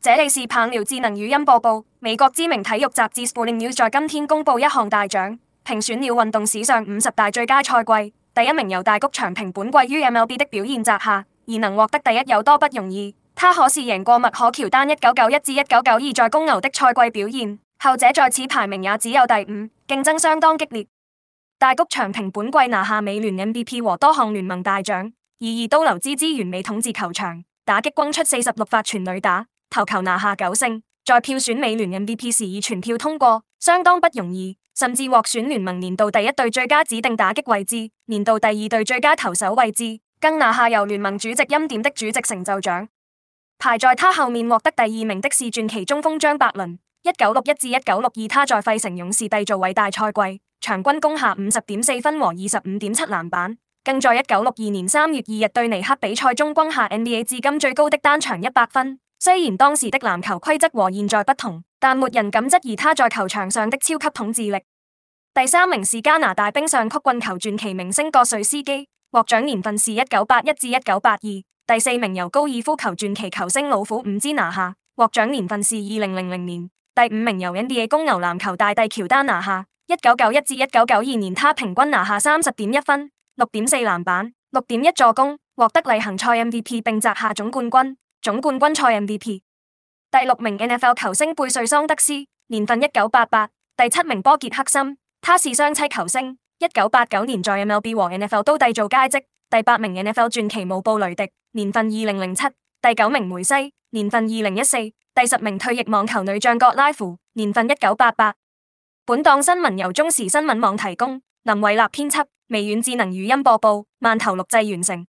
這裡是棒聊智能語音播報。美國知名體育雜誌 Sporting News 在今天公布一項大獎，評選了運動史上五十大最佳賽季。第一名由大谷翔平本季於 MLB 的表現摘下，而能獲得第一有多不容易？他可是贏過麥可喬丹一九九一至一九九二在公牛的賽季表現，後者在此排名也只有第五，競爭相當激烈。大谷翔平本季拿下美聯 MVP 和多項聯盟大獎，以二,二刀流之姿完美統治球場，打擊轟出四十六發全壘打。投球拿下九勝，在票選美聯 MVP 時以全票通過，相當不容易，甚至獲選聯盟年度第一隊最佳指定打擊位置、年度第二隊最佳投手位置，更拿下由聯盟主席欽點的主席成就獎。排在他後面獲得第二名的是傳奇中鋒張伯倫。一九六一至一九六二，他在費城勇士締造偉大賽季，場均攻下五十點四分和二十五點七籃板，更在一九六二年三月二日對尼克比賽中攻下 NBA 至今最高的單場一百分。雖然當時的籃球規則和現在不同，但沒人敢質疑他在球場上的超級統治力。第三名是加拿大冰上曲棍球傳奇明星葛瑞斯基，獲獎年份是一九八一至一九八二。82, 第四名由高爾夫球傳奇球星老虎伍茲拿下，獲獎年份是二零零零年。第五名由 NBA 公牛籃球大帝喬丹拿下，一九九一至一九九二年，他平均拿下三十點一分、六點四籃板、六點一助攻，獲得例行賽 MVP，並摘下總冠軍。總冠軍賽 MVP 第六名 NFL 球星貝瑞桑德斯年份一九八八第七名波傑克森他是雙棲球星一九八九年在 MLB 和 NFL 都締造佳績第八名 NFL 傳奇無布雷迪年份二零零七第九名梅西年份二零一四第十名退役網球女將葛拉芙年份一九八八本檔新聞由中時新聞網提供林偉納編輯微軟智能語音播報慢頭錄製完成。